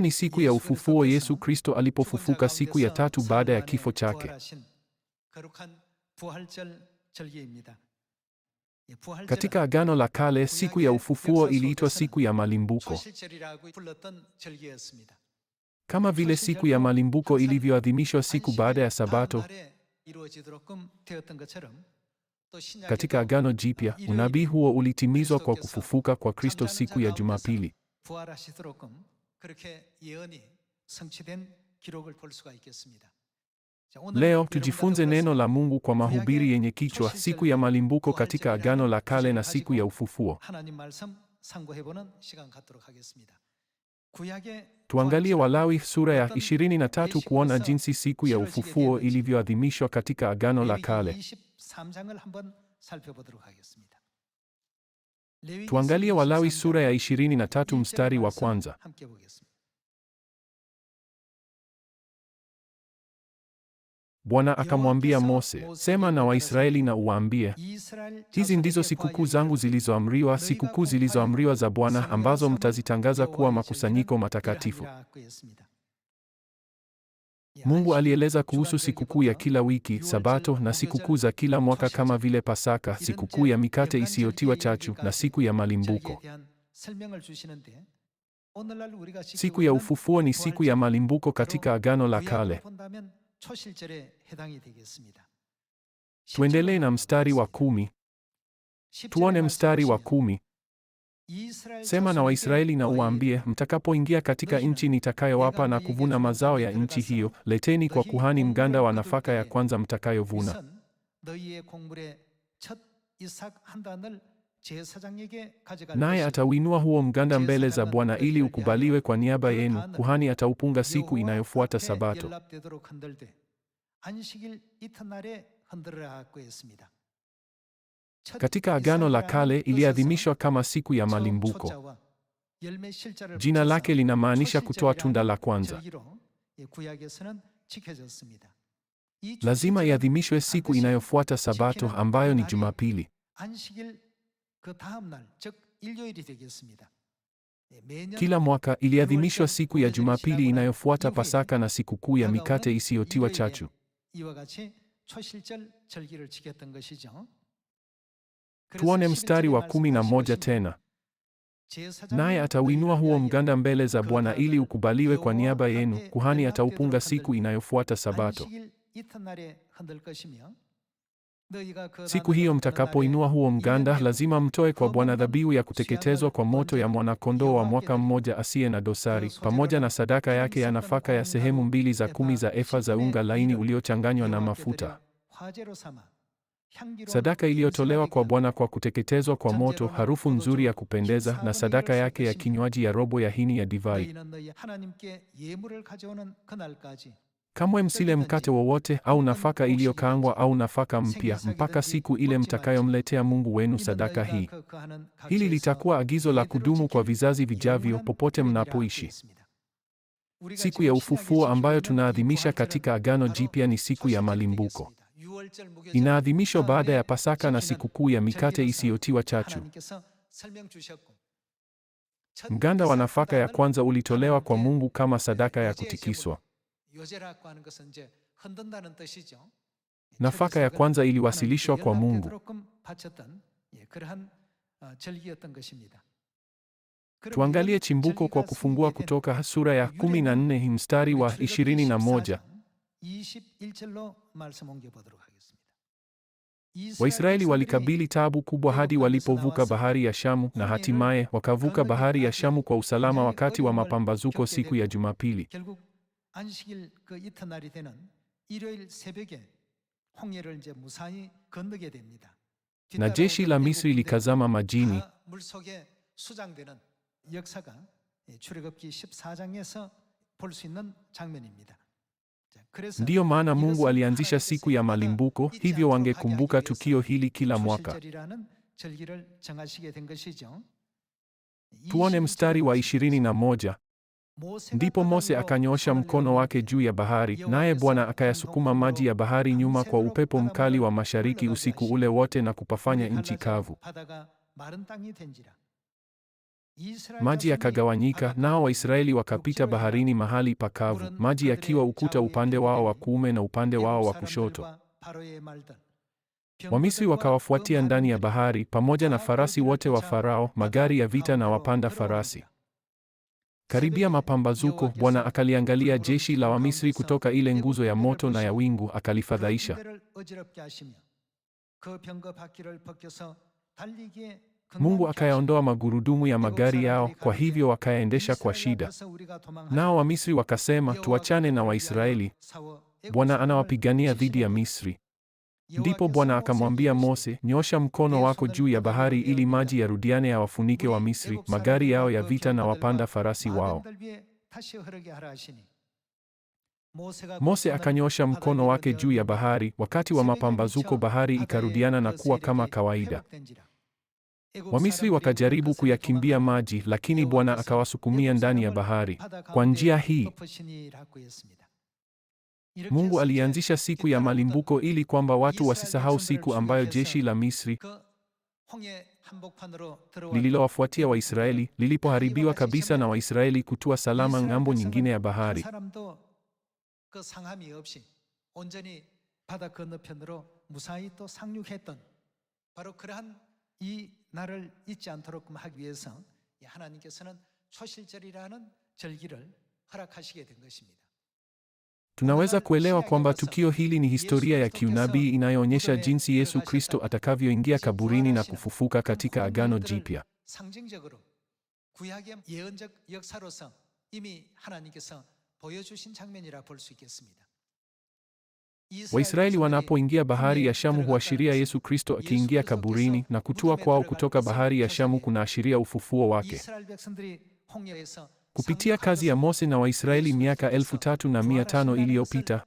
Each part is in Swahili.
ni siku ya ufufuo, Yesu Kristo alipofufuka siku ya tatu baada ya kifo chake. Katika Agano la Kale, siku ya ufufuo iliitwa siku ya malimbuko, kama vile siku ya malimbuko ilivyoadhimishwa siku baada ya Sabato. Katika Agano Jipya, unabii huo ulitimizwa kwa kufufuka kwa Kristo siku ya Jumapili. Leo tujifunze neno la Mungu kwa mahubiri yenye kichwa siku ya malimbuko katika Agano la Kale na siku ya ufufuo. Tuangalie Walawi sura ya 23 kuona jinsi siku ya ufufuo ilivyoadhimishwa katika Agano la Kale. Tuangalie Walawi sura ya 23 mstari wa kwanza. Bwana akamwambia Mose, sema na Waisraeli na uwaambie, hizi ndizo sikukuu zangu zilizoamriwa, sikukuu zilizoamriwa za Bwana ambazo mtazitangaza kuwa makusanyiko matakatifu. Mungu alieleza kuhusu sikukuu ya kila wiki, Sabato na sikukuu za kila mwaka kama vile Pasaka, sikukuu ya mikate isiyotiwa chachu na siku ya malimbuko. Siku ya ufufuo ni siku ya malimbuko katika Agano la Kale. Tuendelee na mstari wa kumi. Tuone mstari wa kumi. Sema na Waisraeli na uwaambie, mtakapoingia katika nchi nitakayowapa na kuvuna mazao ya nchi hiyo, leteni kwa kuhani mganda wa nafaka ya kwanza mtakayovuna. Naye atauinua huo mganda mbele za Bwana ili ukubaliwe kwa niaba yenu. Kuhani ataupunga siku inayofuata Sabato. Katika Agano la Kale iliadhimishwa kama siku ya malimbuko. Jina lake linamaanisha kutoa tunda la kwanza. Lazima iadhimishwe siku inayofuata Sabato ambayo ni Jumapili. Kila mwaka iliadhimishwa siku ya Jumapili inayofuata Pasaka na sikukuu ya mikate isiyotiwa chachu. Tuone mstari wa kumi na moja tena. Naye atauinua huo mganda mbele za Bwana ili ukubaliwe kwa niaba yenu, kuhani ataupunga siku inayofuata Sabato. Siku hiyo mtakapoinua huo mganda, lazima mtoe kwa Bwana dhabihu ya kuteketezwa kwa moto ya mwanakondoo wa mwaka mmoja asiye na dosari, pamoja na sadaka yake ya nafaka ya sehemu mbili za kumi za efa za unga laini uliochanganywa na mafuta. Sadaka iliyotolewa kwa Bwana kwa kuteketezwa kwa moto, harufu nzuri ya kupendeza, na sadaka yake ya kinywaji ya robo ya hini ya divai. Kamwe msile mkate wowote au nafaka iliyokaangwa au nafaka mpya mpaka siku ile mtakayomletea Mungu wenu sadaka hii. Hili litakuwa agizo la kudumu kwa vizazi vijavyo popote mnapoishi. Siku ya ufufuo ambayo tunaadhimisha katika Agano Jipya ni siku ya malimbuko inaadhimishwa baada ya Pasaka na sikukuu ya mikate isiyotiwa chachu. Mganda wa nafaka ya kwanza ulitolewa kwa Mungu kama sadaka ya kutikiswa. Nafaka ya kwanza iliwasilishwa kwa Mungu. Tuangalie chimbuko kwa kufungua Kutoka sura ya 14 mstari wa 21. Waisraeli walikabili taabu kubwa hadi walipovuka bahari ya Shamu na hatimaye wakavuka bahari ya Shamu kwa usalama wakati wa mapambazuko siku ya Jumapili. Na jeshi la Misri likazama majini. Ndiyo maana Mungu alianzisha siku ya malimbuko, hivyo wangekumbuka tukio hili kila mwaka. Tuone mstari wa ishirini na moja. Ndipo Mose akanyoosha mkono wake juu ya bahari, naye Bwana akayasukuma maji ya bahari nyuma kwa upepo mkali wa mashariki usiku ule wote, na kupafanya nchi kavu. Maji yakagawanyika, nao Waisraeli wakapita baharini mahali pakavu, maji yakiwa ukuta upande wao wa kuume na upande wao wa kushoto. Wamisri wakawafuatia ndani ya bahari, pamoja na farasi wote wa Farao, magari ya vita na wapanda farasi. Karibia mapambazuko, Bwana akaliangalia jeshi la Wamisri kutoka ile nguzo ya moto na ya wingu, akalifadhaisha. Mungu akayaondoa magurudumu ya magari yao, kwa hivyo wakayaendesha kwa shida. Nao Wamisri wakasema, tuachane na Waisraeli, Bwana anawapigania dhidi ya Misri. Ndipo Bwana akamwambia Mose, nyosha mkono wako juu ya bahari ili maji yarudiane yawafunike wa Misri, magari yao ya vita na wapanda farasi wao. Mose akanyosha mkono wake juu ya bahari, wakati wa mapambazuko bahari ikarudiana na kuwa kama kawaida. Wamisri wakajaribu kuyakimbia maji, lakini Bwana akawasukumia ndani ya bahari. Kwa njia hii Mungu alianzisha siku ya malimbuko ili kwamba watu wasisahau siku ambayo jeshi la Misri lililowafuatia Waisraeli lilipoharibiwa kabisa na Waisraeli kutua salama ng'ambo nyingine ya bahari. 나를 잊지 않도록 하기 위해서 하나님께서는 초실절이라는 절기를 허락하시게 된 것입니다. Tunaweza kuelewa kwamba tukio hili ni historia ya kiunabii inayoonyesha jinsi Yesu Kristo atakavyoingia kaburini na kufufuka katika Agano Jipya. 구약의 예언적 역사로서 이미 하나님께서 보여주신 장면이라 볼수 있겠습니다. Waisraeli wanapoingia bahari ya Shamu huashiria Yesu Kristo akiingia kaburini na kutua kwao kutoka bahari ya Shamu kunaashiria ufufuo wake. Kupitia kazi ya Mose na Waisraeli miaka elfu tatu na mia tano iliyopita,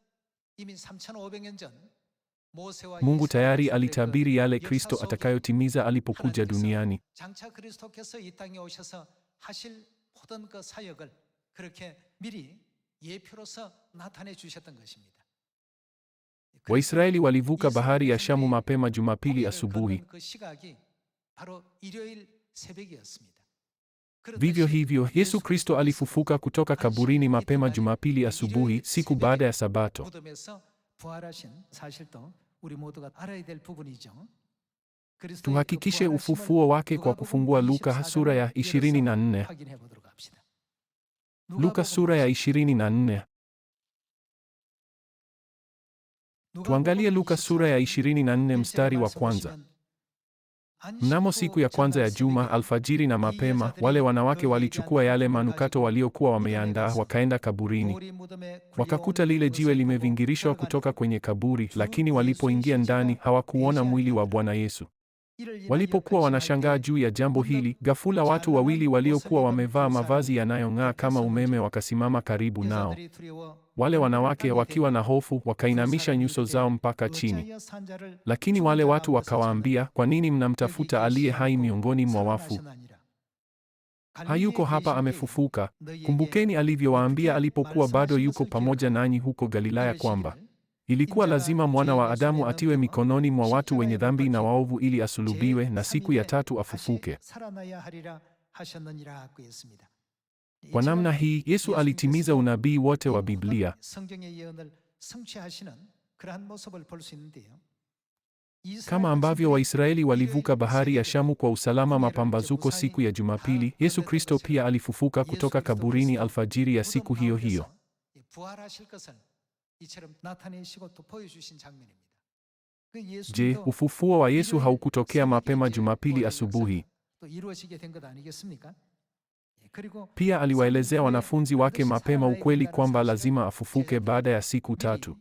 Mungu tayari alitabiri yale Kristo atakayotimiza alipokuja duniani. Waisraeli walivuka bahari ya Shamu mapema Jumapili asubuhi. Vivyo hivyo, Yesu Kristo alifufuka kutoka kaburini mapema Jumapili asubuhi, siku baada ya Sabato. Tuhakikishe ufufuo wake kwa kufungua Luka sura ya 24. Luka sura ya 24. Tuangalie Luka sura ya 24 mstari wa kwanza. Mnamo siku ya kwanza ya juma alfajiri na mapema, wale wanawake walichukua yale manukato waliokuwa wameandaa, wakaenda kaburini. Wakakuta lile jiwe limevingirishwa kutoka kwenye kaburi, lakini walipoingia ndani hawakuona mwili wa Bwana Yesu. Walipokuwa wanashangaa juu ya jambo hili, ghafula watu wawili waliokuwa wamevaa mavazi yanayong'aa kama umeme wakasimama karibu nao. Wale wanawake wakiwa na hofu wakainamisha nyuso zao mpaka chini. Lakini wale watu wakawaambia, kwa nini mnamtafuta aliye hai miongoni mwa wafu? Hayuko hapa, amefufuka. Kumbukeni alivyowaambia alipokuwa bado yuko pamoja nanyi huko Galilaya kwamba Ilikuwa lazima mwana wa Adamu atiwe mikononi mwa watu wenye dhambi na waovu ili asulubiwe na siku ya tatu afufuke. Kwa namna hii, Yesu alitimiza unabii wote wa Biblia. Kama ambavyo Waisraeli walivuka bahari ya Shamu kwa usalama mapambazuko siku ya Jumapili, Yesu Kristo pia alifufuka kutoka kaburini alfajiri ya siku hiyo hiyo. Je, ufufuo wa Yesu haukutokea mapema Jumapili asubuhi? Pia aliwaelezea wanafunzi wake mapema ukweli kwamba lazima afufuke baada ya siku tatu.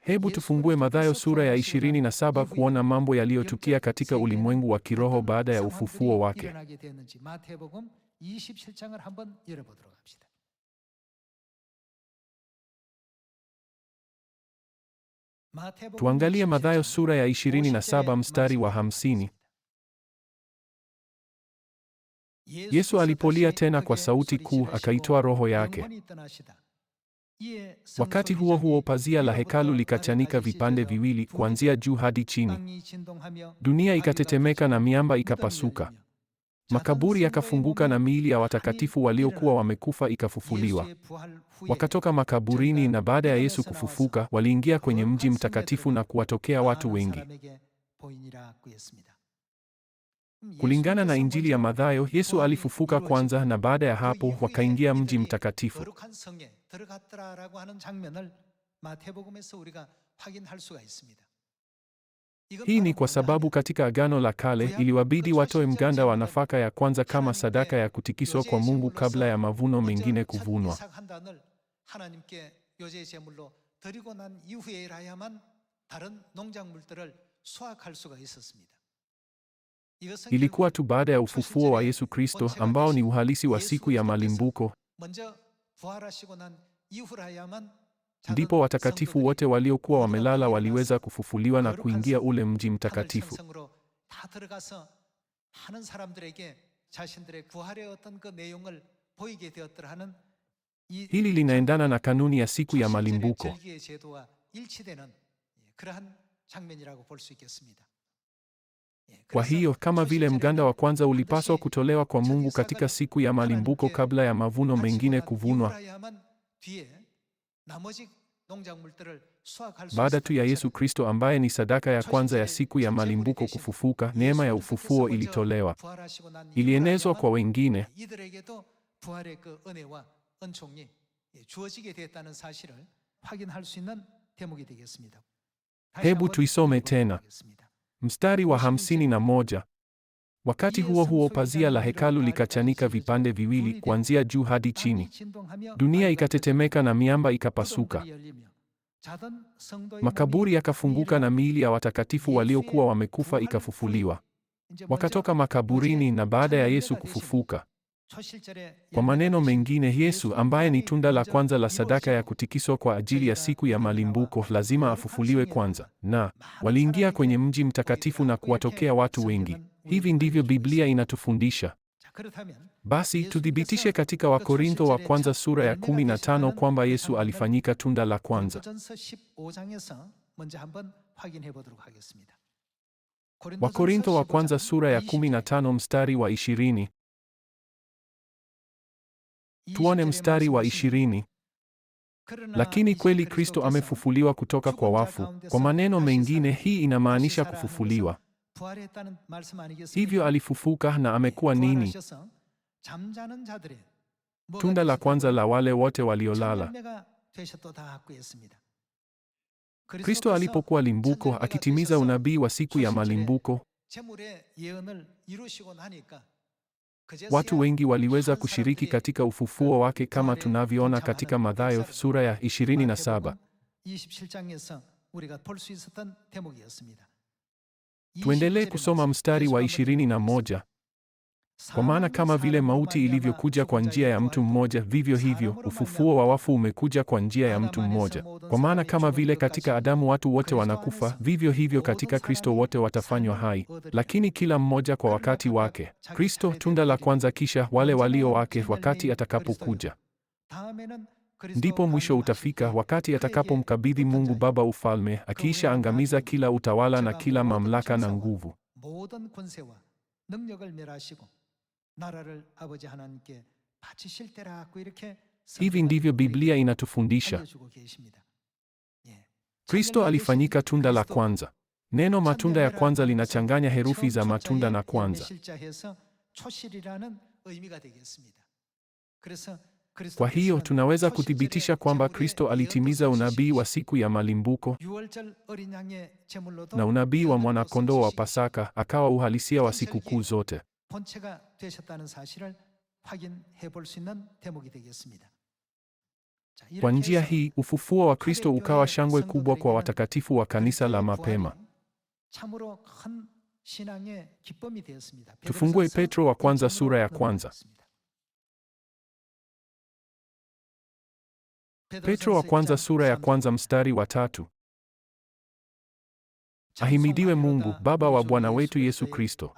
Hebu tufungue Mathayo sura ya 27 kuona mambo yaliyotukia katika ulimwengu wa kiroho baada ya ufufuo wake. 27장을 한번 열어보도록 합시다. Tuangalie Mathayo sura ya 27 mstari wa 50. Yesu alipolia tena kwa sauti kuu akaitoa roho yake. Wakati huo huo pazia la hekalu likachanika vipande viwili kuanzia juu hadi chini. Dunia ikatetemeka na miamba ikapasuka. Makaburi yakafunguka na miili ya watakatifu waliokuwa wamekufa ikafufuliwa. Wakatoka makaburini na baada ya Yesu kufufuka, waliingia kwenye mji mtakatifu na kuwatokea watu wengi. Kulingana na Injili ya Mathayo, Yesu alifufuka kwanza na baada ya hapo wakaingia mji mtakatifu. Hii ni kwa sababu katika Agano la Kale iliwabidi watoe mganda wa nafaka ya kwanza kama sadaka ya kutikiswa kwa Mungu kabla ya mavuno mengine kuvunwa. Ilikuwa tu baada ya ufufuo wa Yesu Kristo ambao ni uhalisi wa siku ya malimbuko Ndipo watakatifu wote waliokuwa wamelala waliweza kufufuliwa na kuingia ule mji mtakatifu. Hili linaendana na kanuni ya siku ya malimbuko. Kwa hiyo kama vile mganda wa kwanza ulipaswa kutolewa kwa Mungu katika siku ya malimbuko kabla ya mavuno mengine kuvunwa, baada tu ya Yesu Kristo ambaye ni sadaka ya kwanza ya siku ya malimbuko kufufuka, neema ya ufufuo ilitolewa, ilienezwa kwa wengine. Hebu tuisome tena mstari wa hamsini na moja. Wakati huo huo, pazia la hekalu likachanika vipande viwili kuanzia juu hadi chini. Dunia ikatetemeka na miamba ikapasuka. Makaburi yakafunguka na miili ya watakatifu waliokuwa wamekufa ikafufuliwa. Wakatoka makaburini na baada ya Yesu kufufuka. Kwa maneno mengine, Yesu ambaye ni tunda la kwanza la sadaka ya kutikiswa kwa ajili ya siku ya malimbuko lazima afufuliwe kwanza. Na waliingia kwenye mji mtakatifu na kuwatokea watu wengi. Hivi ndivyo Biblia inatufundisha. Basi tuthibitishe katika Wakorintho wa kwanza sura ya 15 kwamba Yesu alifanyika tunda la kwanza. Wakorintho wa kwanza sura ya 15 mstari wa 20. Tuone mstari wa 20. Lakini kweli Kristo amefufuliwa kutoka kwa wafu. Kwa maneno mengine, hii inamaanisha kufufuliwa. Hivyo alifufuka na amekuwa nini? Tunda la kwanza la wale wote waliolala. Kristo alipokuwa limbuko akitimiza unabii wa siku ya malimbuko, watu wengi waliweza kushiriki katika ufufuo wake kama tunavyoona katika Mathayo sura ya 27. Tuendelee kusoma mstari wa ishirini na moja. Kwa maana kama vile mauti ilivyokuja kwa njia ya mtu mmoja, vivyo hivyo ufufuo wa wafu umekuja kwa njia ya mtu mmoja. Kwa maana kama vile katika Adamu watu wote wanakufa, vivyo hivyo katika Kristo wote watafanywa hai, lakini kila mmoja kwa wakati wake. Kristo tunda la kwanza, kisha wale walio wake wakati atakapokuja ndipo mwisho utafika wakati atakapomkabidhi Mungu Baba ufalme, akiisha angamiza kila utawala na kila mamlaka na nguvu. Hivi ndivyo Biblia inatufundisha. Kristo alifanyika tunda la kwanza. Neno matunda ya kwanza linachanganya herufi za matunda na kwanza. Kwa hiyo tunaweza kuthibitisha kwamba Kristo alitimiza unabii wa siku ya malimbuko na unabii wa mwanakondoo wa Pasaka, akawa uhalisia wa sikukuu zote. Kwa njia hii, ufufuo wa Kristo ukawa shangwe kubwa kwa watakatifu wa kanisa la mapema. Tufungue Petro wa kwanza sura ya kwanza. Petro wa kwanza sura ya kwanza mstari wa tatu. Ahimidiwe Mungu Baba wa Bwana wetu Yesu Kristo,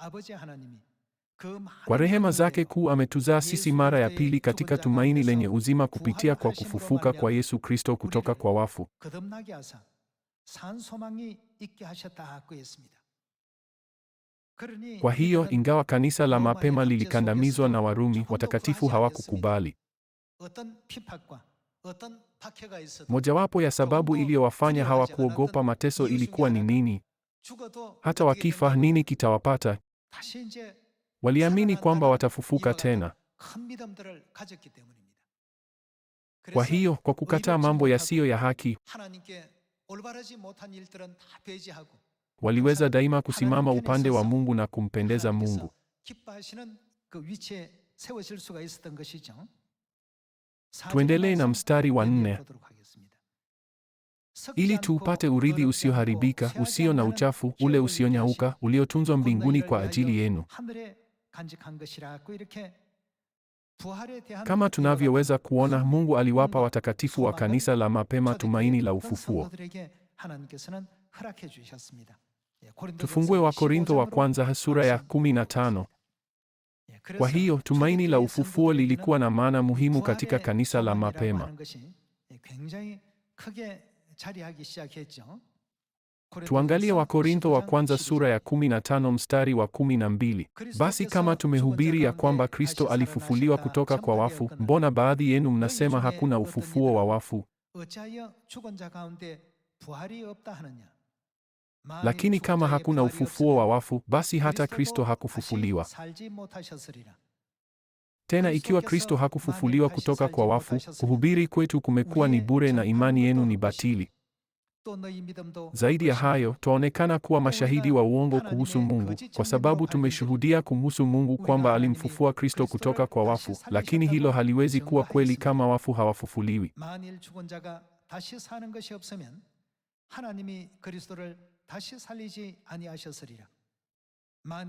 kwa rehema zake kuu ametuzaa sisi mara ya pili katika tumaini lenye uzima kupitia kwa kufufuka kwa Yesu Kristo kutoka kwa wafu, kwa hiyo ingawa kanisa la mapema lilikandamizwa na Warumi, watakatifu hawakukubali. Mojawapo ya sababu iliyowafanya hawakuogopa mateso ilikuwa ni nini? Hata wakifa, nini kitawapata? Waliamini kwamba watafufuka tena. Kwa hiyo, kwa kukataa mambo yasiyo ya haki, waliweza daima kusimama upande wa Mungu na kumpendeza Mungu. Tuendelee na mstari wa nne ili tuupate urithi usioharibika, usio na uchafu, ule usionyauka, uliotunzwa mbinguni kwa ajili yenu. Kama tunavyoweza kuona, Mungu aliwapa watakatifu wa kanisa la mapema tumaini la ufufuo. Tufungue Wakorintho wa kwanza sura ya 15. Kwa hiyo tumaini la ufufuo lilikuwa na maana muhimu katika kanisa la mapema. Tuangalie Wakorintho wa kwanza sura ya 15 mstari wa 12. Basi kama tumehubiri ya kwamba Kristo alifufuliwa kutoka kwa wafu, mbona baadhi yenu mnasema hakuna ufufuo wa wafu? Lakini kama hakuna ufufuo wa wafu, basi hata Kristo hakufufuliwa. Tena ikiwa Kristo hakufufuliwa kutoka kwa wafu, kuhubiri kwetu kumekuwa ni bure na imani yenu ni batili. Zaidi ya hayo, twaonekana kuwa mashahidi wa uongo kuhusu Mungu, kwa sababu tumeshuhudia kumhusu Mungu kwamba alimfufua Kristo kutoka kwa wafu, lakini hilo haliwezi kuwa kweli kama wafu hawafufuliwi.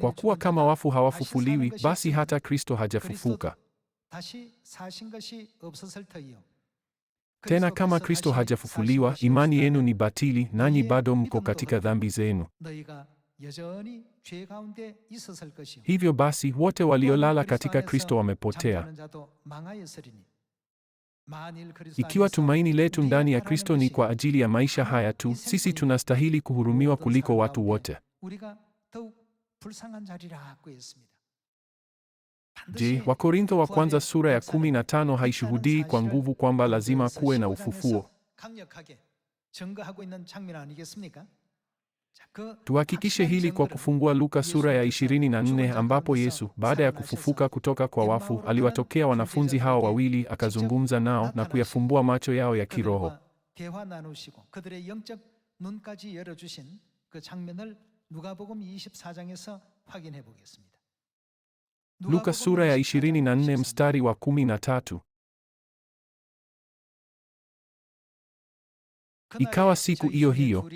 Kwa kuwa kama wafu hawafufuliwi, basi hata Kristo hajafufuka. Tena kama Kristo hajafufuliwa, imani yenu ni batili, nanyi bado mko katika dhambi zenu. Hivyo basi, wote waliolala katika Kristo wamepotea. Ikiwa tumaini letu ndani ya Kristo ni kwa ajili ya maisha haya tu, sisi tunastahili kuhurumiwa kuliko watu wote. Je, Wakorintho wa kwanza sura ya 15 haishuhudii kwa nguvu kwamba lazima kuwe na ufufuo? Tuhakikishe hili kwa kufungua Luka sura ya 24 ambapo Yesu baada ya kufufuka kutoka kwa wafu aliwatokea wanafunzi hao wawili akazungumza nao na kuyafumbua macho yao ya kiroho. Luka sura ya 24 mstari wa 13. Ikawa siku iyo hiyo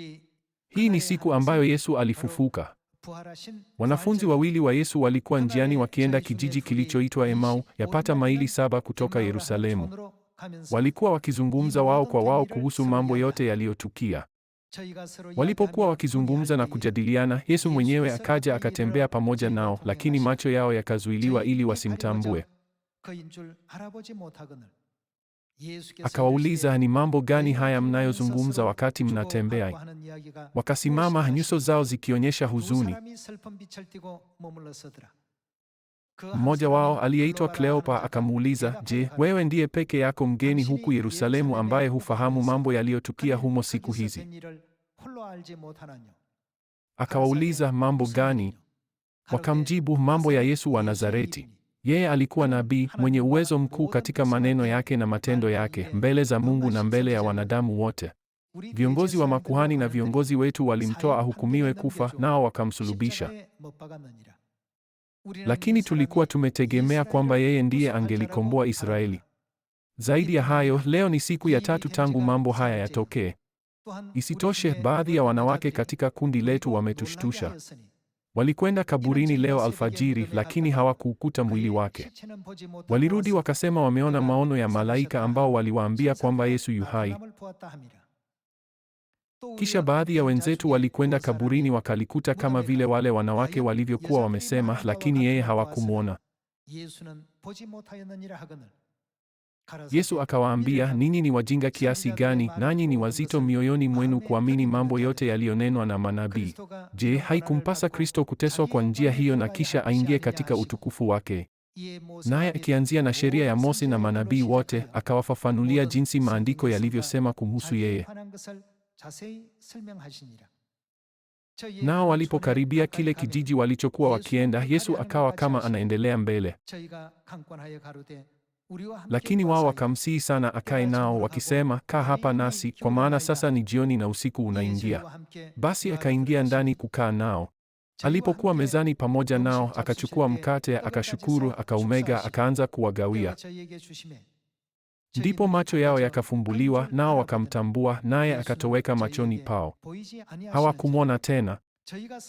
hii ni siku ambayo Yesu alifufuka. Wanafunzi wawili wa Yesu walikuwa njiani wakienda kijiji kilichoitwa Emau, yapata maili saba kutoka Yerusalemu. Walikuwa wakizungumza wao kwa wao kuhusu mambo yote yaliyotukia. Walipokuwa wakizungumza na kujadiliana, Yesu mwenyewe akaja akatembea pamoja nao, lakini macho yao yakazuiliwa ili wasimtambue. Akawauliza, ni mambo gani haya mnayozungumza wakati mnatembea? Wakasimama, nyuso zao zikionyesha huzuni. Mmoja wao aliyeitwa Kleopa akamuuliza, je, wewe ndiye peke yako mgeni huku Yerusalemu ambaye hufahamu mambo yaliyotukia humo siku hizi? Akawauliza, mambo gani? Wakamjibu, mambo ya Yesu wa Nazareti. Yeye alikuwa nabii mwenye uwezo mkuu katika maneno yake na matendo yake mbele za Mungu na mbele ya wanadamu wote. Viongozi wa makuhani na viongozi wetu walimtoa ahukumiwe kufa, nao wakamsulubisha. Lakini tulikuwa tumetegemea kwamba yeye ndiye angelikomboa Israeli. Zaidi ya hayo, leo ni siku ya tatu tangu mambo haya yatokee. Isitoshe, baadhi ya wanawake katika kundi letu wametushtusha. Walikwenda kaburini leo alfajiri, lakini hawakuukuta mwili wake. Walirudi wakasema wameona maono ya malaika ambao waliwaambia kwamba Yesu yu hai. Kisha baadhi ya wenzetu walikwenda kaburini wakalikuta kama vile wale wanawake walivyokuwa wamesema, lakini yeye hawakumwona. Yesu akawaambia, ninyi ni wajinga kiasi gani, nanyi ni wazito mioyoni mwenu kuamini mambo yote yaliyonenwa na manabii. Je, haikumpasa Kristo kuteswa kwa njia hiyo na kisha aingie katika utukufu wake? Naye akianzia na sheria ya Mose na manabii wote, akawafafanulia jinsi maandiko yalivyosema kumhusu yeye. Nao walipokaribia kile kijiji walichokuwa wakienda, Yesu akawa kama anaendelea mbele. Lakini wao wakamsihi sana akae nao, wakisema, kaa hapa nasi, kwa maana sasa ni jioni na usiku unaingia. Basi akaingia ndani kukaa nao. Alipokuwa mezani pamoja nao, akachukua mkate, akashukuru, akaumega, akaanza kuwagawia. Ndipo macho yao yakafumbuliwa, nao wakamtambua, naye akatoweka machoni pao, hawakumwona tena.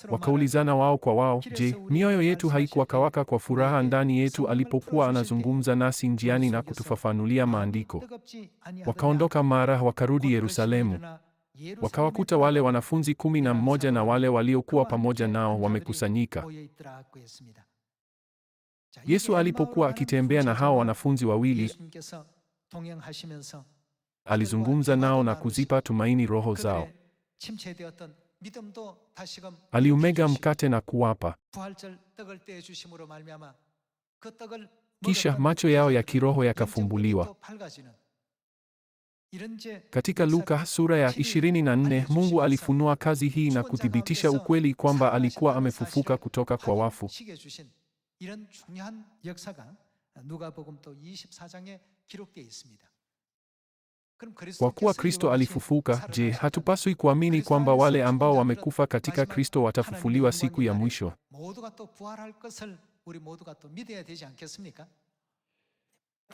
Wakaulizana wao kwa wao, je, mioyo yetu haikuwakawaka kwa furaha ndani yetu alipokuwa anazungumza nasi njiani na kutufafanulia maandiko? Wakaondoka mara, wakarudi Yerusalemu, wakawakuta wale wanafunzi kumi na mmoja na wale waliokuwa pamoja nao wamekusanyika. Yesu alipokuwa akitembea na hao wanafunzi wawili, alizungumza nao na kuzipa tumaini roho zao. Aliumega mkate na kuwapa. Kisha macho yao ya kiroho yakafumbuliwa. Katika Luka sura ya 24, Mungu alifunua kazi hii na kuthibitisha ukweli kwamba alikuwa amefufuka kutoka kwa wafu. 이런 24 기록되어 있습니다. Kwa kuwa Kristo alifufuka, je, hatupaswi kuamini kwamba wale ambao wamekufa katika Kristo watafufuliwa siku ya mwisho?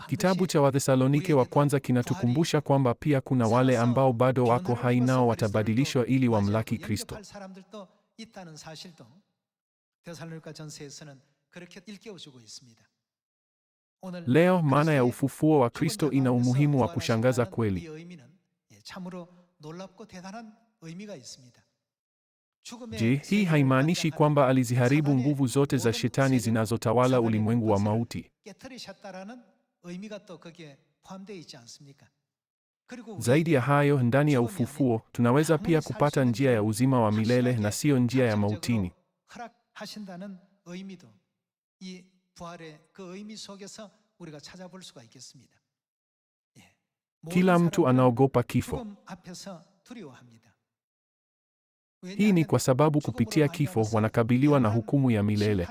Kitabu cha Wathesalonike wa kwanza kinatukumbusha kwamba pia kuna wale ambao bado wako hai nao watabadilishwa ili wamlaki Kristo. Leo maana ya ufufuo wa Kristo ina umuhimu wa kushangaza kweli. Je, hii haimaanishi kwamba aliziharibu nguvu zote za shetani zinazotawala ulimwengu wa mauti? Zaidi ya hayo, ndani ya ufufuo tunaweza pia kupata njia ya uzima wa milele na siyo njia ya mautini. 그 의미 속에서 우리가 찾아볼 수가 있겠습니다. 예. Kila mtu anaogopa kifo. Hii ni kwa sababu kupitia kifo wanakabiliwa na hukumu ya milele.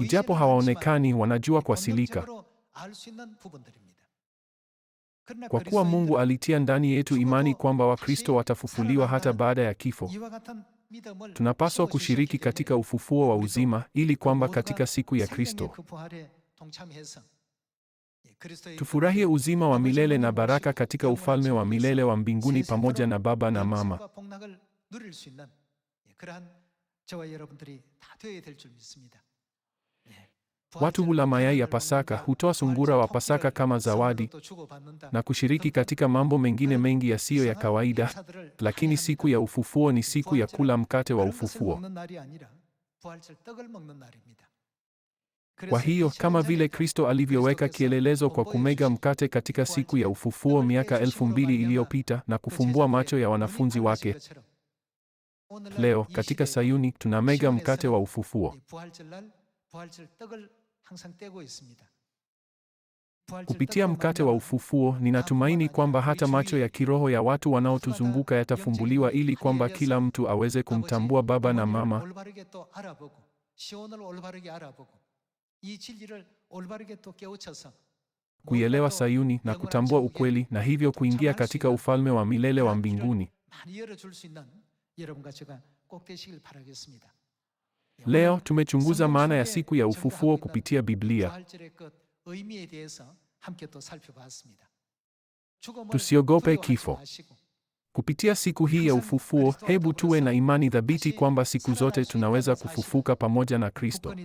Ijapo hawaonekani, wanajua kwa silika. Kwa kuwa Mungu alitia ndani yetu imani kwamba Wakristo watafufuliwa hata baada ya kifo. Tunapaswa kushiriki katika ufufuo wa uzima ili kwamba katika siku ya Kristo tufurahie uzima wa milele na baraka katika ufalme wa milele wa mbinguni pamoja na Baba na Mama. Watu hula mayai ya Pasaka, hutoa sungura wa Pasaka kama zawadi na kushiriki katika mambo mengine mengi yasiyo ya kawaida, lakini siku ya ufufuo ni siku ya kula mkate wa ufufuo. Kwa hiyo kama vile Kristo alivyoweka kielelezo kwa kumega mkate katika siku ya ufufuo miaka elfu mbili iliyopita na kufumbua macho ya wanafunzi wake, leo katika Sayuni tunamega mkate wa ufufuo. Kupitia mkate wa ufufuo, ninatumaini kwamba hata macho ya kiroho ya watu wanaotuzunguka yatafumbuliwa ili kwamba kila mtu aweze kumtambua Baba na Mama. Kuielewa Sayuni na kutambua ukweli na hivyo kuingia katika ufalme wa milele wa mbinguni. Leo tumechunguza maana ya siku ya ufufuo kupitia Biblia. Tusiogope kifo. Kupitia siku hii ya ufufuo, hebu tuwe na imani thabiti kwamba siku zote tunaweza kufufuka pamoja na Kristo.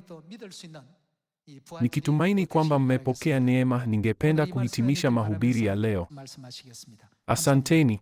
Nikitumaini kwamba mmepokea neema, ningependa kuhitimisha mahubiri ya leo. Asanteni.